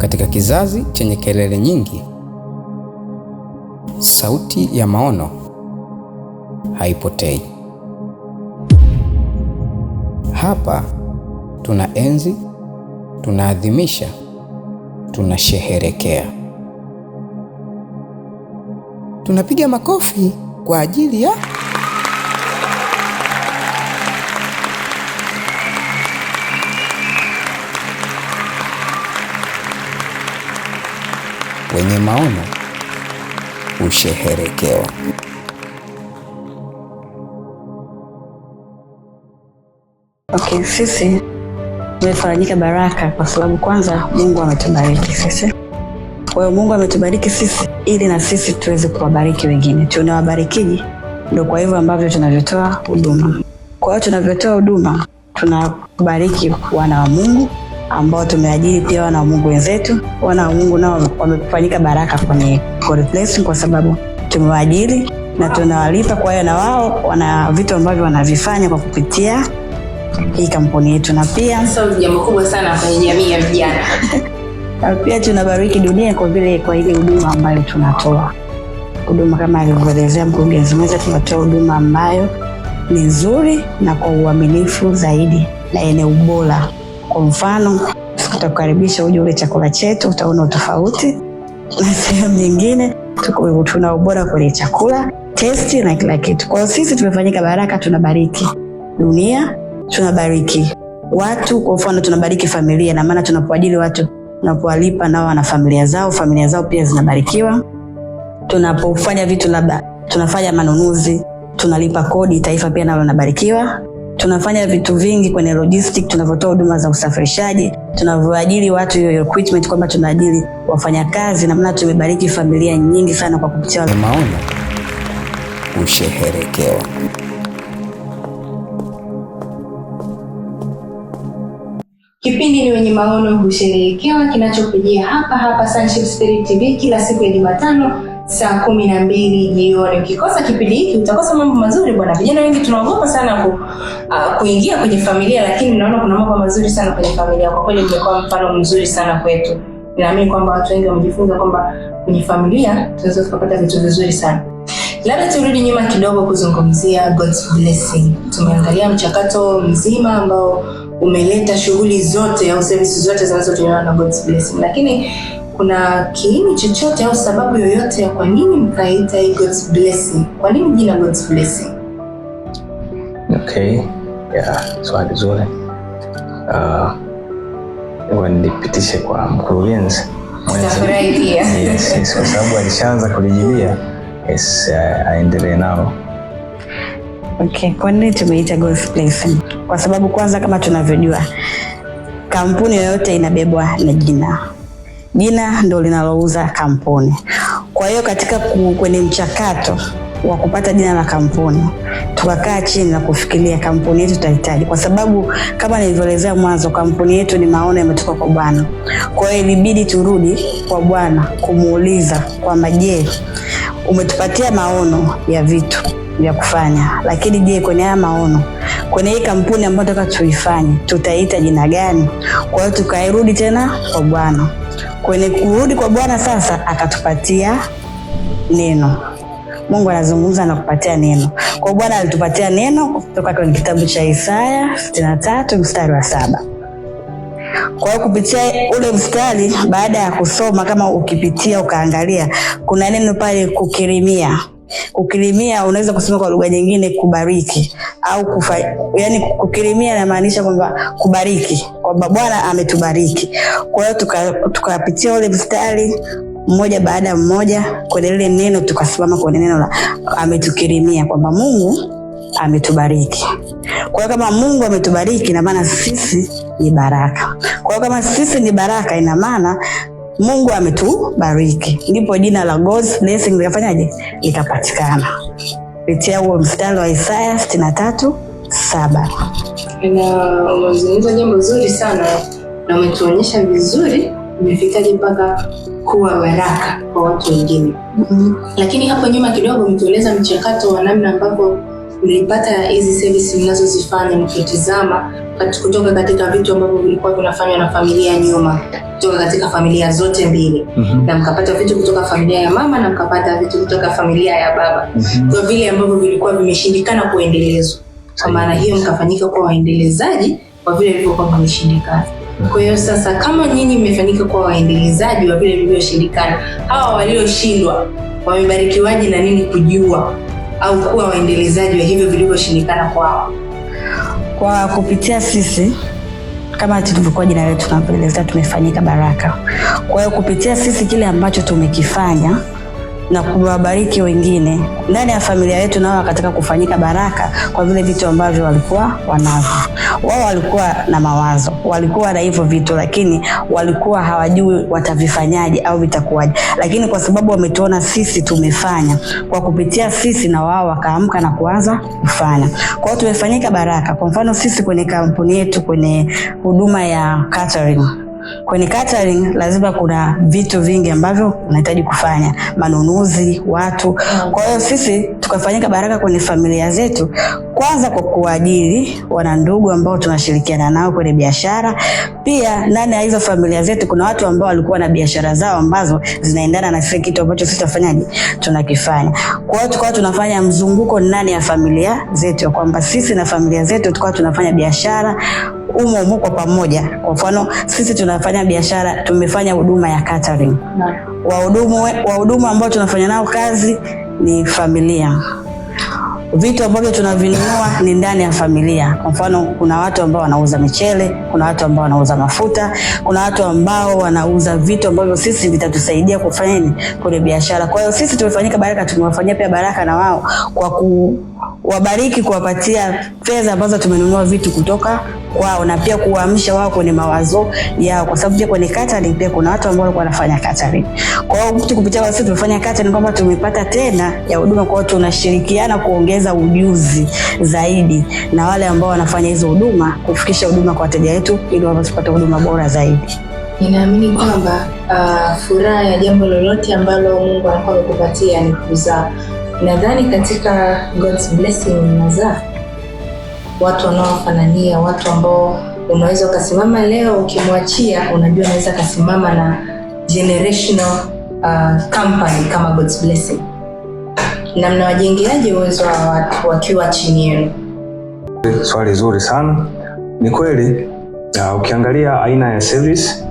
Katika kizazi chenye kelele nyingi, sauti ya maono haipotei. Hapa tunaenzi, tunaadhimisha, tunasherehekea, tunapiga makofi kwa ajili ya wenye maono usheherekeo. Okay, sisi tumefanyika baraka kwa sababu kwanza Mungu ametubariki sisi. Kwa hiyo Mungu ametubariki sisi ili na sisi tuweze kuwabariki wengine, tunawabarikiji ndio kwa hivyo ambavyo tunavyotoa huduma. Kwa hiyo tunavyotoa huduma tunabariki wana wa Mungu ambao tumeajiri pia wana wa Mungu wenzetu. Wana wa Mungu nao wamefanyika baraka kwenye Replacing kwa sababu tumewaajiri na tunawalipa, kwa hiyo na wao wana vitu ambavyo wanavifanya kwa kupitia hii kampuni yetu, na pia jambo kubwa sana kwenye jamii ya vijana pia tunabariki dunia kwa vile kwa ile huduma ambayo tunatoa huduma kama alivyoelezea mkurugenzi mwenza, tunatoa huduma ambayo ni nzuri na kwa uaminifu zaidi na yenye ubora. Kwa mfano, tutakukaribisha uje ule chakula chetu, utaona utofauti na sehemu nyingine. Tuna ubora kwenye chakula, testi na kila kitu. Kwa sisi tumefanyika baraka, tunabariki dunia, tunabariki watu. Kwa mfano, tunabariki familia, na maana tunapoajili watu tunapowalipa nao wana familia zao, familia zao pia zinabarikiwa. Tunapofanya vitu labda tunafanya manunuzi, tunalipa kodi, taifa pia nalo linabarikiwa tunafanya vitu vingi kwenye logistic, tunavyotoa huduma za usafirishaji, tunavyoajiri watu, hiyo kwamba tunaajiri wafanyakazi, namna tumebariki familia nyingi sana kwa kupitia maono. Usheherekewa. Kipindi ni wenye maono husherehekewa, kinachokujia hapa hapa Spirit TV kila siku ya Jumatano saa kumi na mbili jioni. Ukikosa kipindi hiki utakosa mambo mazuri bwana. Vijana wengi tunaogopa sana ku, uh, kuingia kwenye familia, lakini naona kuna mambo mazuri sana kwenye familia. Kwa kweli umekuwa mfano mzuri sana kwetu. Ninaamini kwamba watu wengi wamejifunza kwamba kwenye familia tunaweza tukapata vitu vizuri sana. Labda turudi nyuma kidogo kuzungumzia God's blessing. Tumeangalia mchakato mzima ambao umeleta shughuli zote au services zote zinazotolewa na God's blessing, lakini kuna kiini chochote au sababu yoyote ya kwa nini mkaita hii God's Blessing? Kwa nini jina God's Blessing? Okay, yeah, swali zuri. Uh, nipitishe kwa mkurugenzi yes, yes, kwa sababu alishaanza kulijibia yes, uh, aendelee nao. Okay, kwa nini tumeita God's Blessing? Kwa sababu kwanza, kama tunavyojua, kampuni yoyote inabebwa na jina jina ndo linalouza kampuni. Kwa hiyo katika kwenye mchakato wa kupata jina la kampuni tukakaa chini na kufikiria kampuni yetu tutahitaji, kwa sababu kama nilivyoelezea mwanzo, kampuni yetu ni maono yametoka kwa Bwana. Kwa hiyo ilibidi turudi kwa Bwana kumuuliza kwamba, je, umetupatia maono ya vitu vya kufanya, lakini je, kwenye haya maono kwenye hii kampuni ambayo nataka tuifanye tutaita jina gani? Kwa hiyo tukairudi tena kwa Bwana. Kwenye kurudi kwa Bwana sasa akatupatia neno. Mungu anazungumza na kupatia neno. Kwa Bwana alitupatia neno kutoka kwenye kitabu cha Isaya 63 mstari wa saba. Kwa hiyo kupitia ule mstari, baada ya kusoma, kama ukipitia ukaangalia, kuna neno pale kukirimia Kukirimia unaweza kusema kwa lugha nyingine kubariki au kufa, yani kukirimia namaanisha kwamba kubariki, kwamba Bwana ametubariki. Kwa hiyo tukapitia tuka ule mstari mmoja baada ya mmoja kwenye lile neno, tukasimama kwenye neno la ametukirimia, kwamba Mungu ametubariki. Kwa hiyo kama Mungu ametubariki, ina maana sisi ni baraka. Kwa hiyo kama sisi ni baraka, ina maana Mungu ametubariki, ndipo jina la God's Blessing likafanyaje, likapatikana kupitia huo mstari wa Isaya 637 saba. Na umezungumza jambo zuri sana na umetuonyesha vizuri umefikaje mpaka kuwa baraka kwa watu wengine. mm -hmm. Lakini hapo nyuma kidogo umetueleza mchakato wa namna ambapo mlipata hizi service mnazozifanya mkitizama kutoka katika vitu ambavyo vilikuwa vinafanywa na familia nyuma, kutoka katika familia zote mbili mm -hmm. na mkapata vitu kutoka familia ya mama na mkapata vitu kutoka familia ya baba mm -hmm. kwa vile ambavyo vilikuwa vimeshindikana kuendelezwa, kwa maana hiyo mkafanyika kuwa waendelezaji kwa vile vilivyokuwa vimeshindikana. Mhm. Kwa hiyo sasa, kama nyinyi mmefanyika kuwa waendelezaji wa vile vilivyoshindikana, hawa walioshindwa wamebarikiwaji na nini kujua au kuwa waendelezaji wa hivyo vilivyoshindikana kwao. Kwa kupitia sisi kama tulivyokuwa jina letu tunavyoelezea, tumefanyika baraka. Kwa hiyo kupitia sisi kile ambacho tumekifanya na kuwabariki wengine ndani ya familia yetu, nao wakataka kufanyika baraka kwa vile vitu ambavyo walikuwa wanavyo. Wao walikuwa na mawazo, walikuwa na hivyo vitu, lakini walikuwa hawajui watavifanyaje au vitakuwaje, lakini kwa sababu wametuona sisi tumefanya kwa kupitia sisi, na wao wakaamka na kuanza kufanya. Kwa tumefanyika baraka. Kwa mfano sisi kwenye kampuni yetu kwenye huduma ya catering Kwenye catering lazima kuna vitu vingi ambavyo unahitaji kufanya, manunuzi, watu. Kwa hiyo sisi tukafanyika baraka kwenye familia zetu, kwanza kwa kuajiri wana ndugu ambao tunashirikiana nao kwenye biashara. Pia ndani ya hizo familia zetu kuna watu ambao walikuwa na biashara zao ambazo zinaendana na sisi, kitu ambacho sisi tunafanyaje, tunakifanya. Kwa hiyo tukawa tunafanya mzunguko ndani ya familia zetu, kwamba sisi na familia zetu tukawa tunafanya biashara umo umo kwa pamoja. Kwa mfano sisi tunafanya biashara, tumefanya huduma ya catering. Wahudumu wahudumu ambao tunafanya nao kazi ni familia. Vitu ambavyo tunavinunua ni ndani ya familia. Kwa mfano, kuna watu ambao wanauza michele, kuna watu ambao wanauza mafuta, kuna watu ambao wanauza vitu ambavyo sisi vitatusaidia kufanya nini kwenye biashara. Kwa hiyo sisi tumefanyika baraka, tumewafanyia pia baraka na wao kwa kuwabariki, kuwapatia fedha ambazo tumenunua vitu kutoka wao na pia kuwaamsha wao kwenye mawazo yao, kwa sababu pia kwenye catering pia kuna watu ambao walikuwa wanafanya catering. Kwa hiyo mtu kupitia sisi tumefanya catering kwamba tumepata tena ya huduma, kwa hiyo tunashirikiana kuongeza ujuzi zaidi na wale ambao wanafanya hizo huduma, kufikisha huduma kwa wateja wetu ili wapate huduma bora zaidi. Ninaamini kwamba uh, furaha ya jambo lolote ambalo Mungu anakuwa amekupatia ni kuzaa. Nadhani katika God's blessing unazaa watu wanaofanania, watu ambao unaweza ukasimama leo, ukimwachia unajua unaweza kasimama na generational uh, company kama God's Blessing. Na mnawajengeaje uwezo wa watu wakiwa chini yenu? Swali zuri sana. Ni kweli uh, ukiangalia aina ya service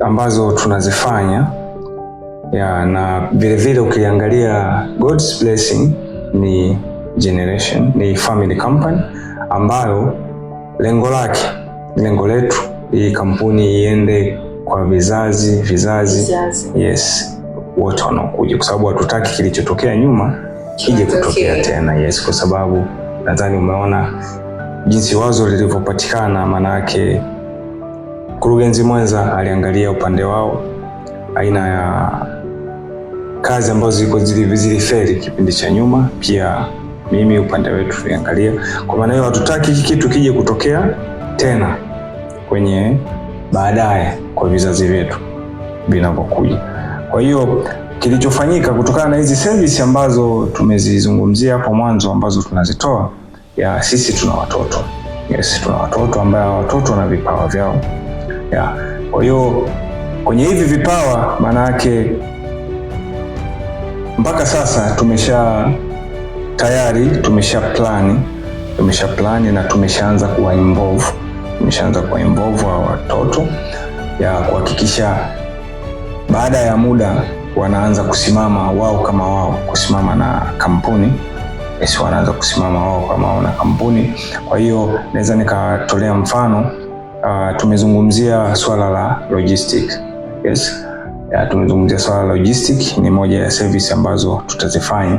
ambazo tunazifanya ya, na vilevile ukiangalia God's Blessing ni Generation ni family company ambayo lengo lake, lengo letu hii kampuni iende kwa vizazi vizazi, vizazi. Yes, wote wanaokuja, kwa sababu hatutaki kilichotokea nyuma kije kutokea tena. Yes, kwa sababu nadhani umeona jinsi wazo lilivyopatikana. Maana yake mkurugenzi mwenza aliangalia upande wao, aina ya kazi ambazo ziliferi kipindi cha nyuma pia mimi upande wetu tuliangalia. Kwa maana hiyo hatutaki hiki kitu kije kutokea tena kwenye baadaye kwa vizazi vyetu vinavyokuja. Kwa hiyo kilichofanyika kutokana na hizi service ambazo tumezizungumzia hapo mwanzo ambazo tunazitoa ya sisi tuna watoto yes, tuna watoto ambao watoto wana vipawa vyao ya. Kwa hiyo kwenye hivi vipawa maana yake mpaka sasa tumesha tayari tumesha plani tumesha plani na tumeshaanza kuwa involve tumeshaanza kuwa involve wa watoto ya kuhakikisha baada ya muda wanaanza kusimama wao kama wao kusimama na kampuni yes, wanaanza kusimama wao kama wao na kampuni. Kwa hiyo naweza nikatolea mfano uh, tumezungumzia swala la logistic yes. Ya, tumezungumzia swala la logistic, ni moja ya service ambazo tutazifanya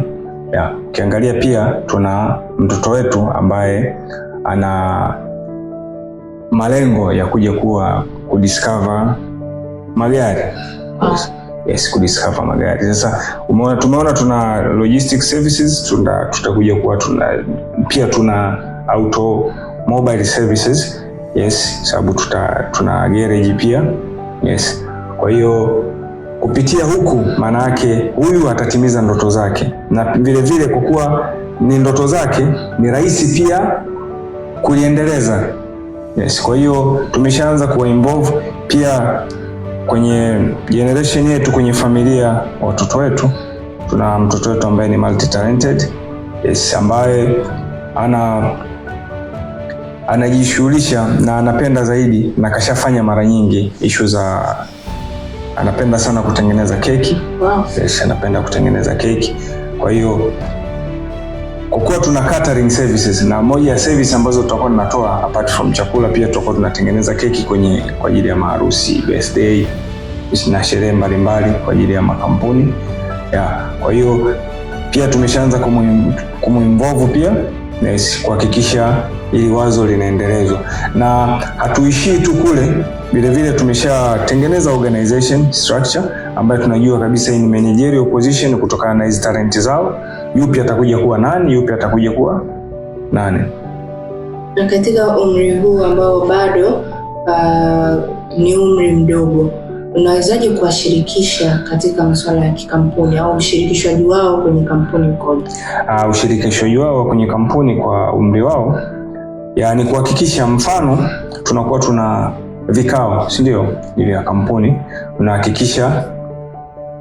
ya. Ukiangalia pia tuna mtoto wetu ambaye ana malengo ya kuja kuwa kudiscover magari ah. yes. kudiscover magari. Sasa umeona, tumeona tuna logistic services, tuna tutakuja kuwa tuna pia tuna auto mobile services yes, sababu tuta tuna garage pia yes, kwa hiyo Kupitia huku, maana yake huyu atatimiza ndoto zake, na vilevile kwa kuwa ni ndoto zake, ni rahisi pia kuliendeleza. Yes, kwa hiyo tumeshaanza kuwa involve pia kwenye generation yetu, kwenye familia, watoto wetu. Tuna mtoto wetu ambaye ni multi talented yes, ambaye ana anajishughulisha na anapenda zaidi na kashafanya mara nyingi ishu za anapenda sana kutengeneza keki. Wow. Yes, anapenda kutengeneza keki. Kwa hiyo kwa kuwa tuna catering services na moja ya service ambazo tutakuwa tunatoa apart from chakula, pia tutakuwa tunatengeneza keki kwenye kwa ajili ya maharusi, birthday na sherehe mbalimbali kwa ajili ya makampuni ya. Kwa hiyo pia tumeshaanza kumuinvolve pia yes, kuhakikisha ili wazo linaendelezwa na hatuishii tu kule Vilevile tumeshatengeneza organization structure ambayo tunajua kabisa hii ni managerial position kutokana na hizi talenti zao, yupi atakuja kuwa nani, yupi atakuja kuwa nani. Na katika umri huu ambao bado uh, ni umri mdogo, unawezaje kuwashirikisha katika masuala ya kikampuni au ushirikishwaji wao kwenye kampuni mkono? Uh, ushirikishwaji wao kwenye kampuni kwa umri wao, yaani kuhakikisha, mfano tunakuwa tuna vikao, si ndio, vya kampuni, unahakikisha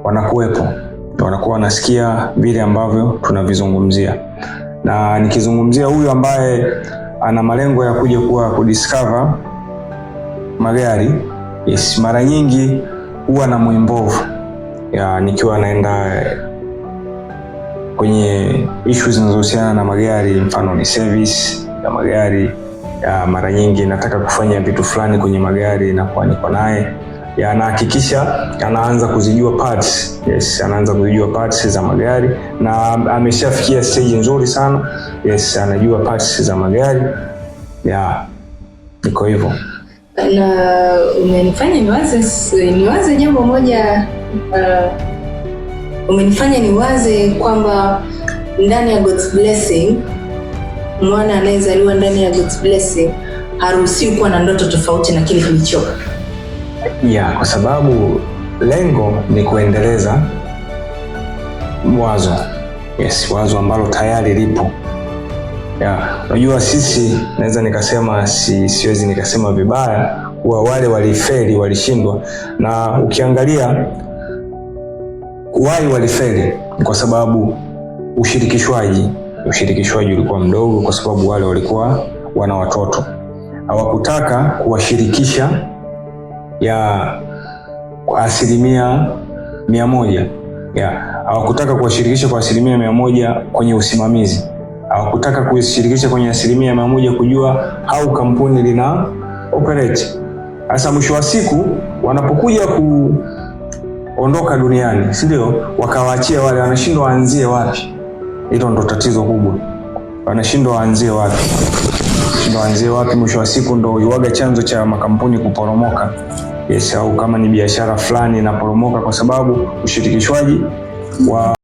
wanakuwepo, wanakuwa wanasikia vile ambavyo tunavizungumzia. Na nikizungumzia huyu ambaye ana malengo ya kuja kuwa kudiscover magari yes, mara nyingi huwa na mwimbovu ya nikiwa naenda kwenye ishu zinazohusiana na magari, mfano ni service ya magari ya mara nyingi nataka kufanya vitu fulani kwenye magari na kwa niko naye anahakikisha anaanza kuzijua parts. Yes, anaanza kuzijua parts za magari na ameshafikia stage nzuri sana. Yes, anajua parts za magari ya niko hivyo. Na umenifanya niwaze niwaze jambo moja uh, umenifanya niwaze kwamba ndani ya God's blessing mwana anayezaliwa ndani ya God's blessing haruhusiwi kuwa na ndoto tofauti na kile kilichoka. Yeah, kwa sababu lengo ni kuendeleza wazo yes, wazo ambalo tayari lipo. Unajua sisi naweza nikasema si, siwezi nikasema vibaya kuwa wale walifeli walishindwa, na ukiangalia wai walifeli kwa sababu ushirikishwaji ushirikishwaji ulikuwa mdogo, kwa sababu wale walikuwa wana watoto, hawakutaka kuwashirikisha ya kwa asilimia mia moja hawakutaka kuwashirikisha kwa asilimia mia moja kwenye usimamizi, hawakutaka kushirikisha kwenye asilimia mia moja kujua au kampuni lina operate. Sasa mwisho wa siku wanapokuja kuondoka duniani, si ndio, wakawaachia wale, wanashindwa waanzie wapi? Hilo ndo tatizo kubwa, wanashindwa waanzie wapi, shindwa waanzie wapi. Mwisho wa siku ndo iwaga chanzo cha makampuni kuporomoka. Yes, au kama ni biashara fulani inaporomoka kwa sababu ushirikishwaji wa